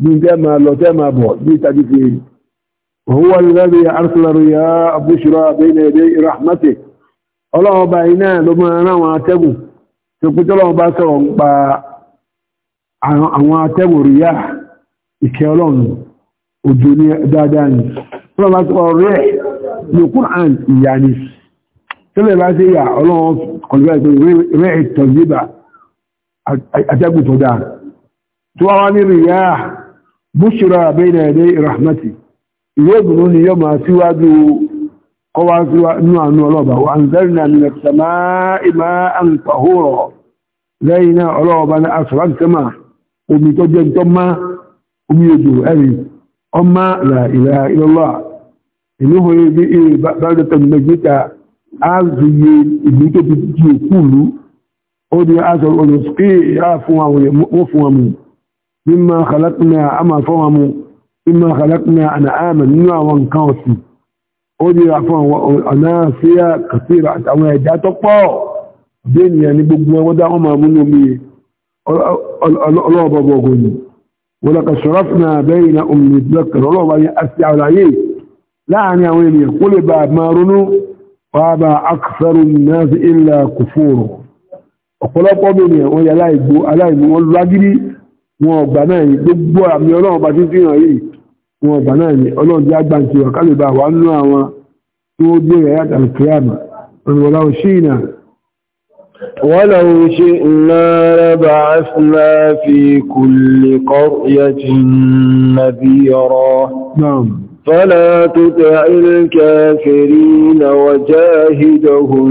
من دما لو دما بو دي تدفين هو الذي أرسل الرياء بشرى بين يدي رحمته أولا بينا لما أنا واتبو تقول الله باسا àwọn atẹ́wòríyà ìkẹ́ ọlọ́run òjò ní dáadáa ni ọlọ́run bá tọ́ rẹ̀ ní Kùránì ìyà ni tẹ́lẹ̀ bá sí ìyà ọlọ́run kọlùbá ìpé rẹ̀ tọ̀yíbà atẹ́gùn tó dáa tó wá ní ríyà búṣìrà bẹ́ẹ̀nà ẹ̀dẹ́ ìrahmati ìwé ìgbìmọ̀ ni yọ máa síwájú kọwa nínú àánú ọlọ́ọ̀bà wa ń zẹ́rìn náà nílẹ̀ sàmá ìmá àǹfàhóró lẹ́yìn náà ọlọ́ọ̀bá ní asọ̀rọ̀ àti sẹ́mà omi tó jẹ́ tó má omi odò ẹ̀rì ọmá la ilaha illallah ìlúhùn ibi bàdàtà mẹ́gbẹ́ta áàzùyẹ ìlú tó ti di òkú ìlú ó ní aṣọ olùsùkí ìyá fún àwọn èèmọ́ fún àmù mímọ̀ kàlákùnà àmà fún àmù mímọ̀ kàlákùnà àna àmà nínú àwọn nǹkan ọlọ́ọ̀bọ̀ gbogbo ni wọ́n lọ́kà ṣọ́rọ́fì na omi lọ́kàn ọlọ́ọ̀bá yẹn àti àwòráyé láàrin àwọn ènìyàn kó lè bá máa ronú wàá bá akṣẹ́rù náà sí ilẹ̀ kòfòrò ọ̀pọ̀lọpọ̀ ènìyàn wọ́n yẹ aláìgbó aláìgbó wọn lágídí wọn ọ̀gbà náà gbogbo ولو شئنا لبعثنا في كل قرية نذيرا نعم فلا تطع الكافرين وجاهدهم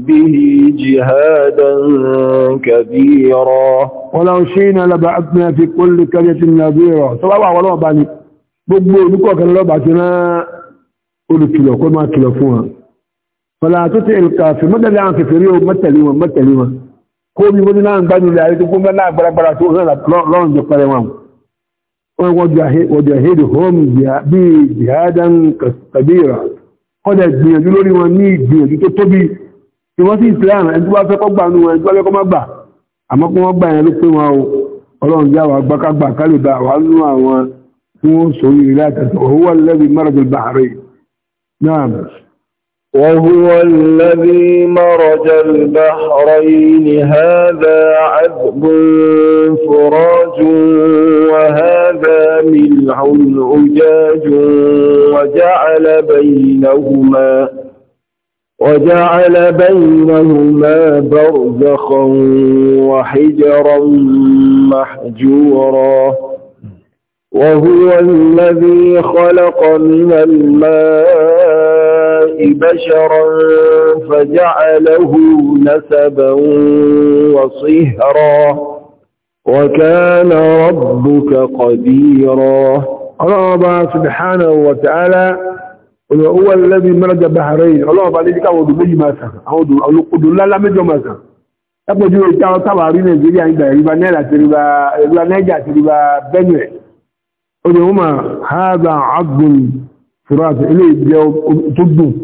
به جهادا كبيرا ولو شئنا لبعثنا في كل قرية نذيرا سواء ولو بني gbogbo olùkọ̀ọ̀kan lọ́bàá بعثنا كل olùkìlọ̀ كل ما kìlọ̀ fún fọlá tó ti ìkàfẹ́ mọ́tẹ̀lẹ́ àwọn kẹfẹ́rí o mọ́tẹ̀lẹ́ wọn mọ́tẹ̀lẹ́ wọn kó bí wọ́n ní náà ń gbádùn ilẹ̀ ayé tó gbọ́n náà gbaragbara tó hàn lọ́rùn jẹ pẹrẹ wọn wọn wọ́jọ ahédè home bí jihadan kabira kọ́dẹ̀ gbìyànjú lórí wọn ní ìgbìyànjú tó tóbi tí wọ́n sì islam ẹni tó bá fẹ́ kọ́ gbà nù ẹni tó bá fẹ́ kọ́ má gbà àmọ́ kí wọ́n gbà yẹn ló pé wọn o ọlọ́run àwọn tí wọ́n sọ yìí láti àtàwọn owó wà bàárẹ̀ náà وهو الذي مرج البحرين هذا عذب فراج وهذا ملح أجاج وجعل بينهما وجعل بينهما برزخا وحجرا محجورا وهو الذي خلق من الماء بشرا فجعله نسبا وصهرا وكان ربك قديرا الله سبحانه وتعالى هو الذي مرج بحرين الله بعد ذلك هو دبي ماسا هو دلقد لا لا مجو ماسا تبو جو إتاو تا ri Nigeria ni riba تريبا àti riba تريبا Niger هذا riba Benue إليه ní huma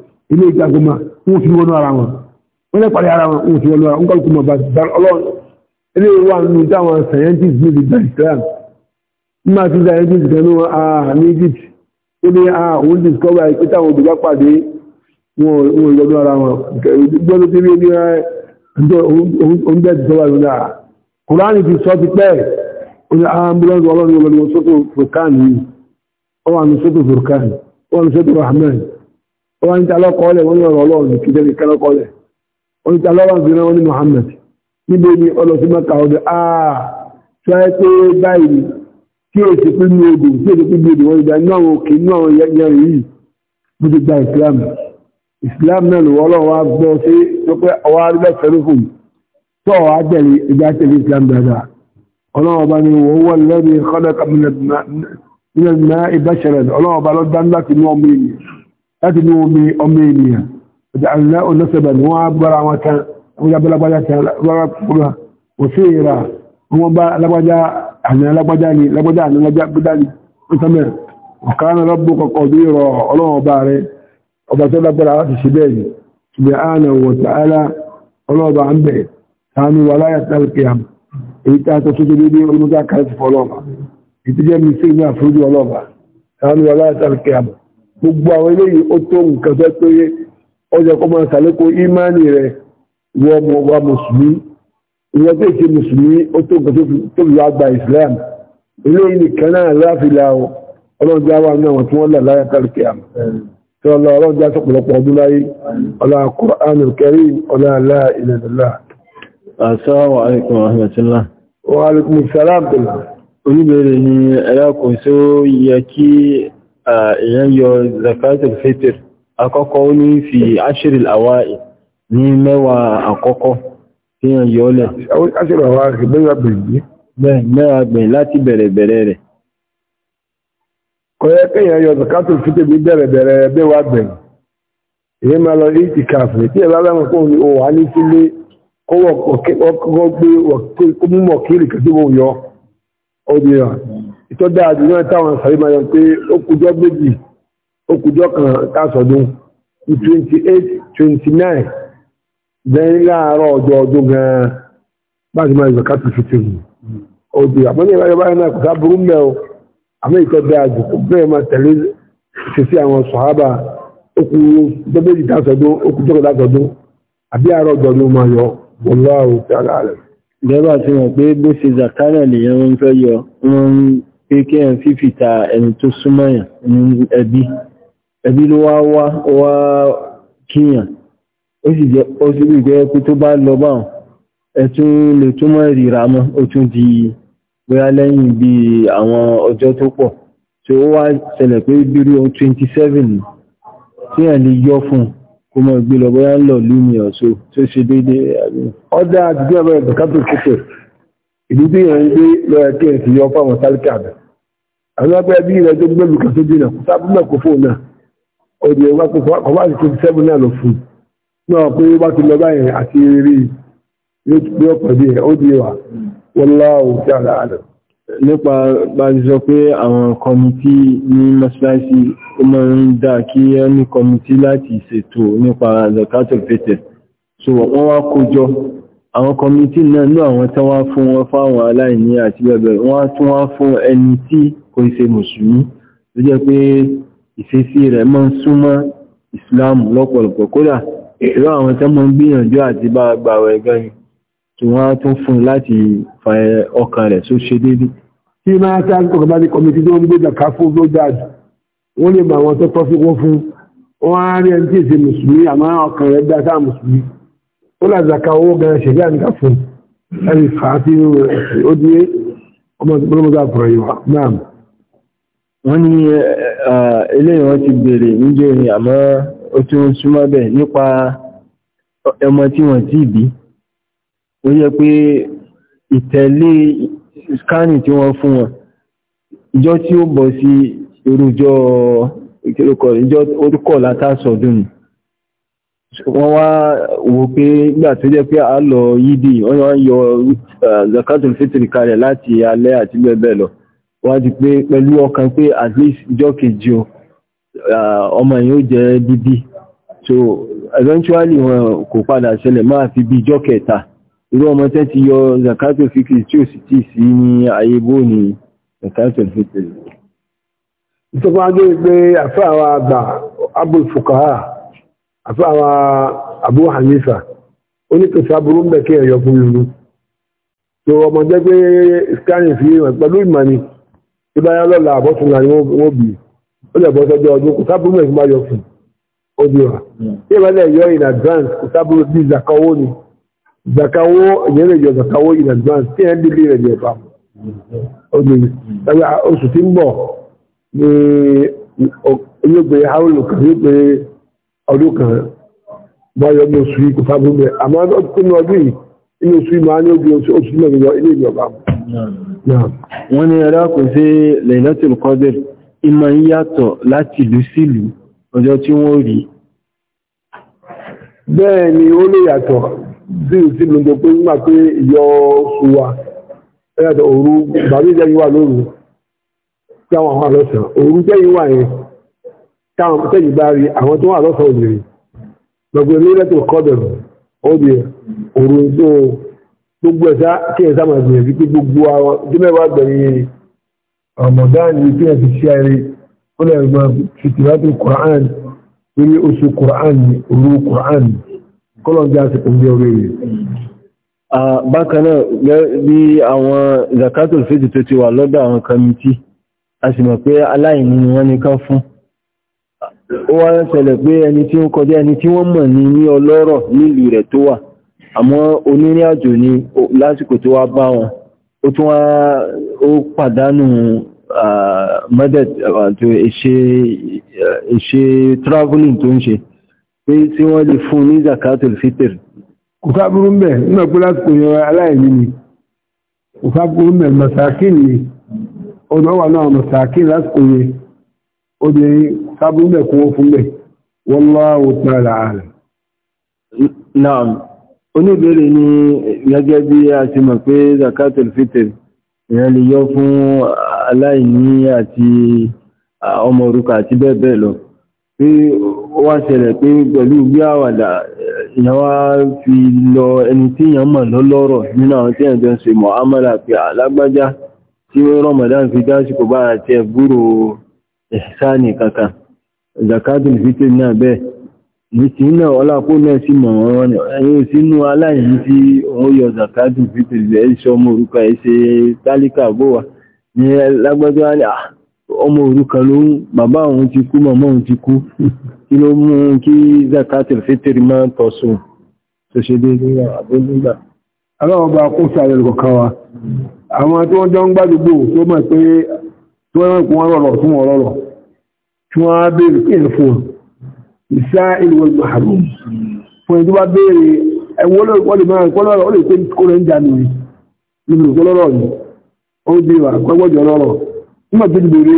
ilé ìjàgbọ́mà wọ́n fi ara wọn wọ́n lè ara wọn wọ́n fi ara wọn kọ́ kúmọ̀ bá ọlọ́run ilé ìwà ní nígbà tí kan ní ní Egypt ó ní discover pé táwọn òdùgbà pàdé wọn ò ara wọn gbọ́dọ̀ tí wọ́n ní òun bẹ́ẹ̀ discover ló dáa Kùránì ti sọ ti pẹ́ ambulance ọlọ́run sọ́tò wọ́n ń jalọ́ kọ́lẹ̀ wọ́n ní ọ̀rọ̀ ọlọ́run kìdẹ́ ní kẹ́lọ́ kọ́lẹ̀ wọ́n ń jalọ́ wà fún wọn ní Muhammad níbi ní ọlọ́sí mẹ́ta ọdún àà tó ẹ pé báyìí tí o sì pín ní odò tí o sì pín ní odò wọ́n ìdá iná àwọn òkè iná àwọn yẹn yìí bó ti gba Islam Islam náà ló wọ́lọ́ wa gbọ́ sí tó pé ọwọ́ arílẹ̀ láti ní omi ọmọ ènìyàn ọjà àrínlẹ́ olóṣèbẹ̀ ni wọ́n bára wọn kan wọ́n ni èyí a tó tó dédé olùmọ́ta mi sí gbogbo àwọn eléyìí ó tó nǹkan fẹ́ pé ọjọ́ kọ́ máa sàlékò ìmánì rẹ̀ wọ ọmọ wa mùsùlùmí ìwọ́n tó ìṣe mùsùlùmí ó tó nǹkan tó fi wá gba Islam eléyìí nìkan náà láfilà ọlọ́jà wà ní àwọn tí wọ́n là láyà kárìkì àmì tí wọ́n lọ ọlọ́jà sọ̀pọ̀lọpọ̀ ọdún láyé ọlá Qur'anul Karim ọlá alá ilẹ̀ ìlà. Assalamu alaikum warahmatullah. Wa alaikum salam. Oníbèrè ni ẹ̀rọ kò sí yẹ kí èèyàn eh, yọ zakatul fitr àkọ́kọ́ ó ní fi ashiri awai ní mẹ́wàá àkọ́kọ́ tí yàn yọ lẹ̀ ashiri awai mẹ́wàá gbẹ̀yìn mẹ́wàá gbẹ̀yìn láti bẹ̀rẹ̀ bẹ̀rẹ̀ rẹ̀ kọ̀yẹ́ kéèyàn yọ zakatul fitr bí bẹ̀rẹ̀ bẹ̀rẹ̀ mẹ́wàá gbẹ̀yìn èyí máa lọ ní ìtìkàfù tí ẹ bá bá wọn kóhun ò wà ní sílé kó wọ́n gbé kó mú mọ̀ kí ìtọ́jà àdúgbò táwọn sàrímà yọ pé ó kùjọ́ méjì ó kùjọ́ kan káṣọdún ní 28 29 bẹ́ẹ̀ láàárọ̀ ọjọ́ ọdún gan-an bá ti máa yọ ká tuntun tó yìí òdì àmọ́lẹ̀ ìbáyọ̀ báyọ̀ náà kò sá burú mẹ́ o àmọ́ ìtọ́jà àdúgbò bẹ́ẹ̀ máa tẹ̀lé ṣèṣì àwọn sọ̀hábà ó kù ọjọ́ méjì káṣọdún ó kùjọ́ kan káṣọdún àbí àárọ̀ ọjọ́ ọdún máa yọ bọ́lá òkè àlàálẹ̀. ìjọba ti mọ̀ pé bó ṣe zakara lèèyàn ń fẹ́ yọ wọ́n ń pé kí ẹ̀ fífìta ẹni tó súnmọ́yàn ní ẹbí ẹbí ló wá wá wá kíyàn ó sì jẹ́ ó sì rí ìgbẹ́ tó bá lọ báwọn ẹ̀tún lè túnmọ̀ ìrìrà mọ́ ó tún di bóyá lẹ́yìn bí àwọn ọjọ́ tó pọ̀ tí ó wá ṣẹlẹ̀ pé bírí ohun 27 tí ẹ̀ lè yọ fún kó mọ̀ gbé lọ bóyá ń lọ lómi ọ̀ṣọ́ tí ó ṣe déédéé ọdá àdúgbò ẹ̀bẹ̀ kápẹ́ kẹfẹ́ ìdí ìrìn gbé lọ́yẹ̀ kí ẹ̀ sì yọ fáwọn sálíkà bẹ̀ àwọn agbẹ́ bí ilẹ̀ tó gbẹ́lú kan tó dínà kò sábà mẹ́kò fóun náà òdì ẹ̀wá kò wá sí twenty seven náà lọ fún un náà pé wá ti lọ báyìí àti rí yóò pé ọ̀pọ̀ bí ẹ̀ ó di wà wọ́n láwùjọ tí a rà á lọ. nípa bá a ti sọ pé àwọn kọmitì ní mọ́ṣáláṣí ó máa ń dá kí ẹ ní kọmitì láti ṣètò nípa so wọ́n wá kó jọ àwọn kọmitì náà ní àwọn tí wọ́n fún wọn fáwọn aláìní àti bẹ́ẹ̀ bẹ́ẹ̀ wọ́n tún wá fún ẹni tí kò ṣe mùsùlùmí tó jẹ́ pé ìṣesí rẹ̀ máa ń súnmọ́ ìsìláàmù lọ́pọ̀lọpọ̀ kódà ìrọ àwọn tẹ́ mọ́ ń gbìyànjú àti bá gbàwẹ̀ gan tí wọ́n tún fún láti fa ọkàn rẹ̀ tó ṣe dédé tí máa tá ọkọ̀ bá ní kọmitì tó ń gbé dàkà fún ló dájú wọ́n lè bá wọn tó tọ́ sí wọ́n fún wọ́n á rí ẹni tí èsè mùsùlùmí àmọ́ ọkàn rẹ̀ dá sáà mùsùlùmí ó là zàkà owó gan ṣẹ̀dá nígbà fún ẹni fàá tí ó di ọmọ ìpínlẹ̀ mọ́tò àpùrọ̀ yìí wà náà wọ́n ní eléyìí wọ́n ti bèèrè níjẹ́ ìrìn àmọ́ ó tí ó súnmọ́ bẹ̀ nípa ọmọ tí wọ́n ti bí ó yẹ pé ìtẹ̀lé scanning tí wọ́n fún wọn ìjọ tí ó bọ̀ sí irújọ́ ìkẹ́lẹ́kọ̀ ìjọ orúkọ̀ látàsọ̀dún wọ́n wá wò pé gbà tó jẹ́ pé a lọ yídì wọ́n yọ zakatul fitri kalẹ̀ láti alẹ́ àti bẹ́ẹ̀ bẹ́ẹ̀ lọ wọ́n ti pé pẹ̀lú ọkàn pé at least ìjọ́ kejì o ọmọ yìí ó jẹ́ bíbí so eventually wọn kò padà ṣẹlẹ̀ máa fi bí ìjọ́ kẹta irú ọmọ tẹ́ ti yọ zakato fitri tí ò sì tí sí ní ayé bóòní zakato fitri. ìtọ́pá dé pé àfẹ́ àwọn àgbà abul fukaha àfẹ́ àwọn Abu Hanifa ó ní kòsí aburú ń bẹ̀ kí ẹ̀yọ́ fún yìí ló ọmọ jẹ́ pé scanning fi pẹ̀lú ìmọ̀ ni ìbáyá lọ́la àbọ́túnlá ni wọ́n bí ó lè bọ́ sọ́jọ́ ọdún kò sábúrú mẹ́fì máa yọ fún odìwà tí ìbálẹ̀ yọ in advance kò sábúrú bí zakawó ni zakawó ìyẹn lè yọ zakawó in advance tí ẹ̀ ń dìbì rẹ̀ yẹ fáwọn odìwà tàbí oṣù tí ń bọ̀ ní olóògbé haúlù kan yóò pé ọdún kan máa yọ ní oṣù yìí kò sábúrú mẹ́ àmọ́ ọdún ọdún yìí oṣù yìí máa ní oṣù mẹ́rin wọ́n ní ẹ̀rọ kò sí Lailatul Qadr ìmọ̀ yíyàtọ̀ láti ìlú sílù ọjọ́ tí wọ́n rí bẹ́ẹ̀ ni ó lè yàtọ̀ sí ìsìlù tó pé nígbà pé ìyọ oṣù wa ẹ̀yàtọ̀ òru bàbí ìjẹ́ wà lóru tí àwọn àwọn àlọ́sàn òru tẹ́yìn wà yẹn táwọn tẹ́yìn bá rí àwọn tó wà gbogbo ẹ̀sá kí ẹ̀sá máa gbìyànjú pé gbogbo àwọn tí mẹ́wàá gbẹ̀rẹ̀ ọmọdán yìí kí ẹ̀sì ṣe ààrẹ ó lè gbọ́n fìtìláàtì kùrán lórí oṣù kùrán òru kùrán kọ́lọ̀ jẹ́ àsìkò ní ọ̀rẹ́ rẹ̀. bákan náà bí àwọn zakatul fitr tó ti wà lọ́dọ̀ àwọn kọmitì a sì mọ̀ pé aláìní ni wọ́n ní ká fún ó wá ń ṣẹlẹ̀ pé ẹni tí ó kọjá ẹni tí wọ́n mọ̀ ní ní ọlọ́rọ̀ nílùú rẹ̀ tó wà àmọ́ onírìn àjò ni lásìkò tó wá bá wọn ó tún wá ó pàdánù mẹ́dẹ̀t àti ìṣe traveling tó ń ṣe pé tí wọ́n lè fún ní zakatul fitr kò sáburú mẹ́ nígbà pé lásìkò yọ aláìní ni kò sáburú mẹ́ masakin ni ọ̀nà wà náà masakin lásìkò yẹ ó di sáburú mẹ́ kó fún mẹ́ wallahu ta'ala oníbèrè ni gẹ́gẹ́ bí a ti mọ̀ pé zakatul fitr ìyẹn lè yọ fún aláìní àti ọmọ òrukà àti bẹ́ẹ̀ bẹ́ẹ̀ lọ pé ó wá ṣẹlẹ̀ pé pẹ̀lú bí àwàdà ìyẹn wá fi lọ ẹni tí ìyẹn mọ̀ lọ́lọ́rọ̀ nínú àwọn tí ẹ̀jọ́ ṣe mọ̀ amọ́là pé alágbájá tí Ramadan fi dásìkò bá àti ẹ̀búrò ihsani kankan zakatul fitr náà bẹ́ẹ̀ nìtì náà ọlápò náà sí mọ̀ wọ́n ní ẹ̀yìn sínú aláìní tí òun yọ zakadù fìtìlẹ̀ ẹ̀ṣọ́ ọmọ òrùka ẹ̀ṣẹ́ tálíkà bówà ní lágbọ́jọ́ ọmọ òrùka ló ń bàbá òun ti kú màmá òun ti kú *laughs* kí ló mú kí zakadù fìtìlẹ̀ máa tọ̀sùn ṣoṣe déédéé àbójúgbà aláwọ̀bá kó sàrẹ̀ kọ̀kan wa àwọn tí wọ́n jọ ń gbádùgbò tó mọ̀ pé tí wọ́n rọ̀rọ̀ fún ọ̀rọ̀rọ̀ tí wọ́n á bèèrè kí ìsáìlì wọn màárù fún ẹjọ́ bá béèrè ẹwọ́lọ́rọ̀ ó lè pé kóró ń dànù rí nínú ìgbọ́lọ́rọ̀ yìí ó di wà pẹ́gbọ́jọ lọ́rọ̀ nígbà tó ti béèrè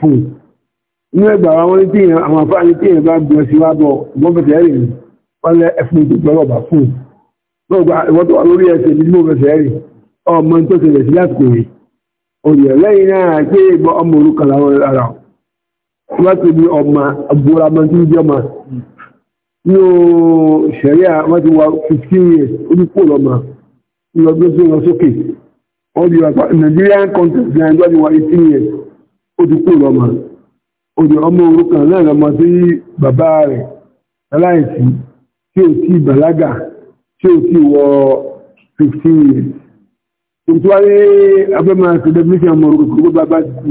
fún inú ẹgbà àwọn tí àwọn afáàní tí èèyàn bá gbọ́ sí wá bọ̀ gbọ́fẹ̀sẹ̀ rìn wọ́n lẹ ẹfún ètò ìgbọ́rọ̀ bá fún wọ́n ti di ọmọ agbóra máa ti jẹ́ ọmọ ní o ṣẹ̀ríà wọ́n ti wà 15 years ó ní pò lọ́mọ ní ọdún tó lọ sókè wọ́n di wà Nigerian contest ní ẹjọ́ ti wà 18 years ó ti pò lọ́mọ ó di ọmọ òrukàn náà lọ́mọ sí bàbá rẹ̀ aláìsí tí ò tí bàlágà tí ò tí wọ 15 years. Tòtúwáyé abẹ́mọ̀ àti definition ọmọ òrukàn kó bá bá ti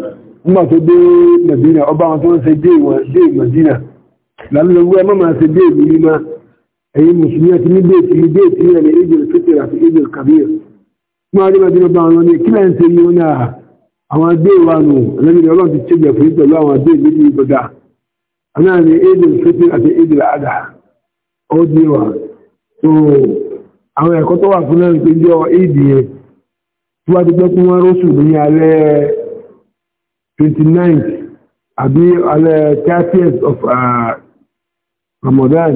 nígbà tó dé Mẹ̀dínà ọba wọn tó ń ṣe dé Mẹ̀dínà lálọ́gbọ́ ẹ mọ́mọ́ ṣe dé ìlú mímá ẹ̀yin mùsùlùmí àti ní déètì ní déètì rẹ̀ ní Eid al-Fitr àti Eid al-Kabir máa rí Mẹ̀dínà bá wọn ní kí lẹ́yìn ṣe yíwọ́n náà àwọn adé wa nù lẹ́yìn ọlọ́run ti ṣe jẹ̀ fún pẹ̀lú àwọn adé méjì gbọdá àná ní Eid al àti Eid al ó dé wa tó àwọn ẹ̀kọ́ tó wà fún náà ń jọ éèdì tí wọ́n ti gbọ́ pé rọ́ṣù ní alẹ́ 29th àbí alẹ́ 30th of uh, Ramadan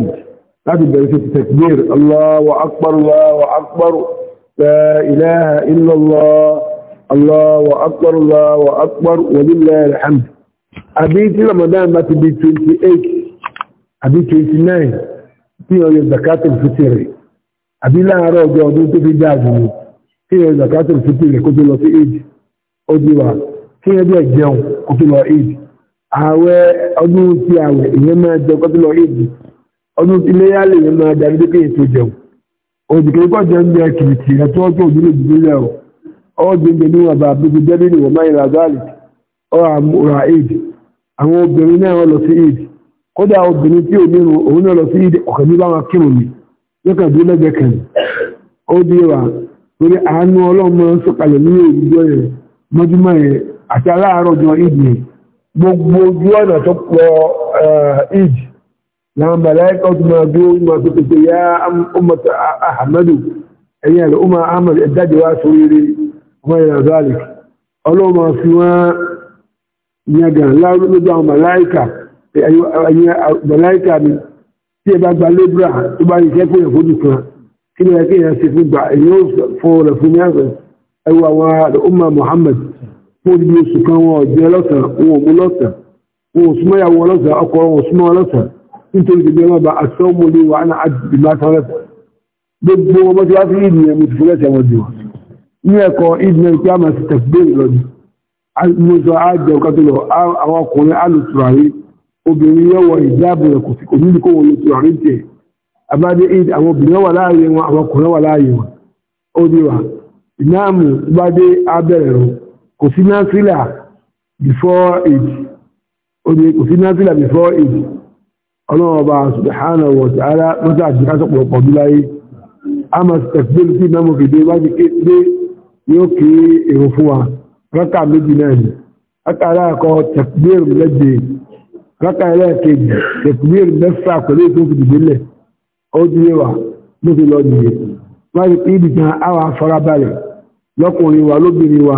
láti bẹ̀rẹ̀ sí takbir Allahu akbar Wa akbar la ilaha illallah Allahu akbar Allahu akbar wa lillahi alhamd àbí tí Ramadan bá ti bí 28 àbí 29 tí ó yẹ zakatul fitr àbí láàárọ̀ ọjọ́ ọdún tó fi dáa jù ní tí ó yẹ zakatul fitr kó tó lọ sí 8 ó díwà kí ẹ bí ẹ jẹun kó tó lọ éèdì ààwẹ̀ ọdún tí a ìyẹn máa jẹun kó tó lọ éèdì ọdún tí iléyà lè yẹn máa dàbí dé kéèyàn tó jẹun òdìkẹ́ ikọ̀ jẹun bí akìrìtì rẹ tó ọjọ́ òdúró ìdílé máa àwọn obìnrin náà lọ sí kódà obìnrin tí ò òun náà lọ sí kírun wa torí àánú sọ̀kalẹ̀ yẹn mọ́júmọ́ àti aláàárọ̀ ọjọ́ ìdí gbogbo ojú ọ̀nà tó pọ̀ ìdí eh, láwọn mẹ́lẹ́kọ́ tó máa bí orí máa tó pèsè yá ọmọta ahamadu ẹ̀yìn àlè ọmọ ahmad ẹ̀dáde wá sórí rí ọmọ ìrìn àjọ àlè ọlọ́mọ fi wọ́n yàgàn láwọn lójú àwọn mẹ́lẹ́kà ẹ̀yìn mẹ́lẹ́kà mi tí ẹ bá gba lébúrà tó bá yìí fún ìyàfójú kan kí ni ẹ kí ẹ ṣe fún gbà ẹ̀yìn ó fọ́ rẹ̀ fún ní ẹ̀wọ̀ àwọn ọmọ muhammad wọ́n di oṣù kan wọn ọ̀jẹ́ lọ́sàn wọn ò mú lọ́sàn wọn ò súnmọ́ ìyàwó lọ́sàn ọkọ wọn ò súnmọ́ lọ́sàn nítorí gbogbo ẹ̀rọ bá aṣọ́mọlé wà á àdìdì máa tán lẹ́sàn gbogbo ọmọ tí wọ́n fi ìdí mo ti fún wọn jù ní ẹ̀kọ́ a ti tẹ̀síbéèrè lọ́dún sọ àwọn ọkùnrin á lò kò sí násílà before age oye kò sí násílà before age ọlọ́ọ̀bá subhanahu wa ta'ala mọ́sá àjíkáṣọ́ pọ̀pọ̀ bí láyé a máa tẹ̀sílẹ̀ sí ìmọ̀ kìdé bá ti ké pé yóò ké èrò fún wa rákà méjì náà ni rákà aláàkọ́ tẹ̀sílẹ̀ lẹ́dẹ̀ rákà ẹlẹ́ẹ̀kejì tẹ̀sílẹ̀ mẹ́fà pẹ̀lú ètò ìdìbílẹ̀ ó dúró wa ló fi lọ nìyẹn wáyé pé ibìkan á wà farabalẹ̀ lọ́kùnrin wa lóbìnrin wa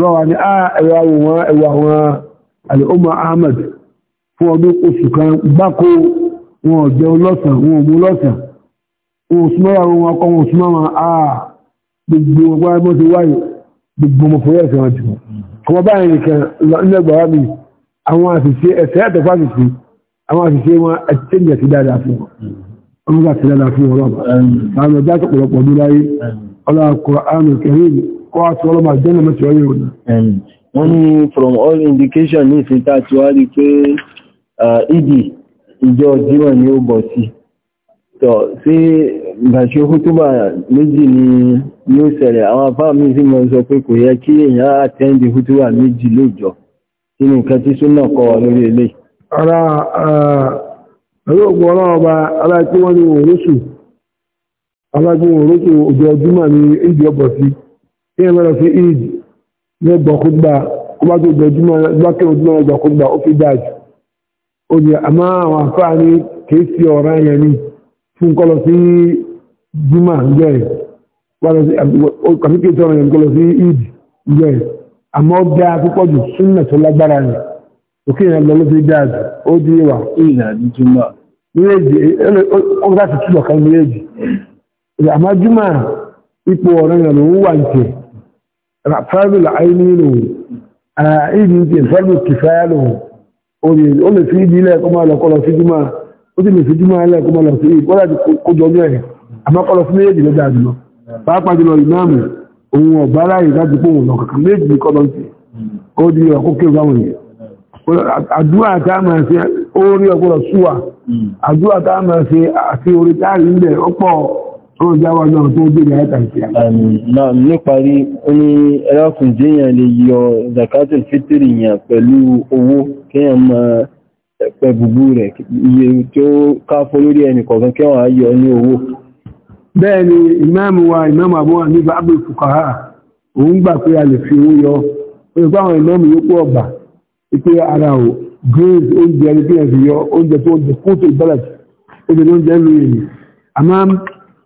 ọlọ́wà ní ẹ̀rọ àwọn ẹ̀wọ̀ àwọn al'umma ahmed fún ọdún oṣù kan gbáko wọn ọ̀jẹ́ ọlọ́sàn wọn ò mú lọ́sàn wọn òsùmọ́ra wọn akọ wọn òsùmọ́ra ah, àà gbogbo ọgbà ẹgbọ́n ti wáyé gbogbo mọ̀fọ́yẹ́ ẹ̀sẹ̀ wọn ti mọ̀ kọmọ báyìí nìkan lẹ́gbàá mi àwọn àṣìṣe ẹ̀sẹ̀ kọ́ àti ọlọ́mà jẹ́nà mẹ́tì ọyẹ́ òun wọ́n ní from all indication ní tí wá rí pé ìjọ ó bọ̀ sí tọ̀ sí mi sí mọ́ sọ pé kò yẹ kí èèyàn àtẹ́ndì méjì lóòjọ́ nǹkan tí súnà kọ́ ara ẹ̀rọ wọ́n ní òróṣù òróṣù òjò yẹn mọ́ra fi eid ní ọgbọ̀kúgbà ó bá tó gbẹ̀júmọ́ lọ́kẹ́ ojúmọ́ ọgbọ̀kúgbà ó fi dájú ó ní àmá àwọn àfáà ní kìí sí ọ̀rá yẹn ni fún ọrụ sí juma jẹ́ kàfíkẹ́ tọrọ yẹn sí àmọ́ ó púpọ̀ jù tó lágbára yẹn òkè yẹn lọ ló fi dájú ó di wà. ọ̀rá yẹn ló ń wà ní tiẹ̀ fáàlù àìní lòun ìdí ti fáàlù kìfáyà lòun kọlọ sí jùmọ́ ó sì lè fi jùmọ́ ilẹ̀ ẹ̀kọ́ máa lọ sí ìkọ́lá ti kójọ o ẹ̀ àmọ́ kọlọ sí méjì lọ́jà jùlọ pàápàá jùlọ ìmáàmù òun ọ̀bá láyé láti pò wọn lọ́kàkà méjì ní kọlọ sí ó di ọkọ́ kó jáwọ́ náà tó gbèrè àtàkìyà. náà níparí ó ní ẹlọ́kùn jíyàn lè yọ zakatul fitri yàn pẹ̀lú owó kíyàn mọ́ pẹ̀bùbù rẹ̀ iye bẹ́ẹ̀ni ìmáàmù wa ìmáàmù àbúwà ní bábù fuqaha òun gbà pé a lè fi owó yọ pé báwọn ìmáàmù yókù ọ̀gbà pé ara ò grace oúnjẹ ẹni kí ẹ fi yọ oúnjẹ tó oúnjẹ kóòtò tó oúnjẹ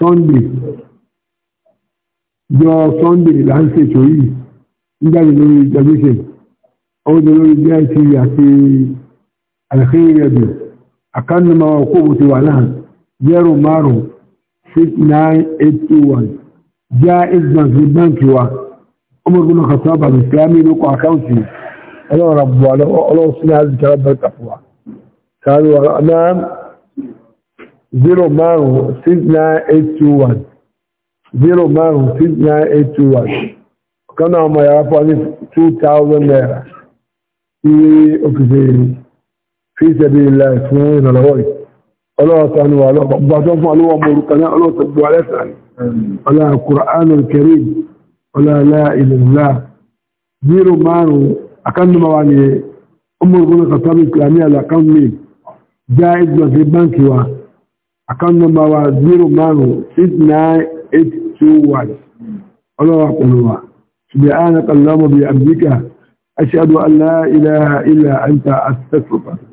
sunday jọ sunday là ń ṣètò yìí nígbàdì lórí jẹgúsẹ ọdún lórí dstv àti àlàkéyìn rẹbì àkànnùmọ kóòbù ti wà náà zero márùn six nine eight two one já isbank ní báńkì wa ọmọ ìgbìmọ̀ kàtàkùn àbàmì islámì ló kọ àkáǹtì ẹlọ́rọ̀ àbúwà ọlọ́wọ́ sínú àzìkà ọbẹ̀ kàfùwà kàrí wà náà zero márùn six nine eight two one zero márùn six nine eight two one ọ̀kan náà ọmọ yàrá fún ní two thousand naira tí ó fi ṣe fi ṣẹbi ilẹ̀ fún ìrànlọ́wọ́ yìí ọlọ́wọ́ sanu wa ọba tó ń fún ọlọ́wọ́ ọmọ orúkọ náà ọlọ́wọ́ tó gbọ́ alẹ́ sàn ọlá kùránù karim ọlá ilẹ̀ ìlà zero márùn akánumọ̀ wa ni ọmọ orúkọ náà kàtàbí ìsìlámì àlàkàn mi jẹ́ àìsàn account number wa zero márùn six nine eight two one ọlọ́wà pẹ̀lú wa subhanaka allahumma bi abdika ashhadu an la ilaha illa anta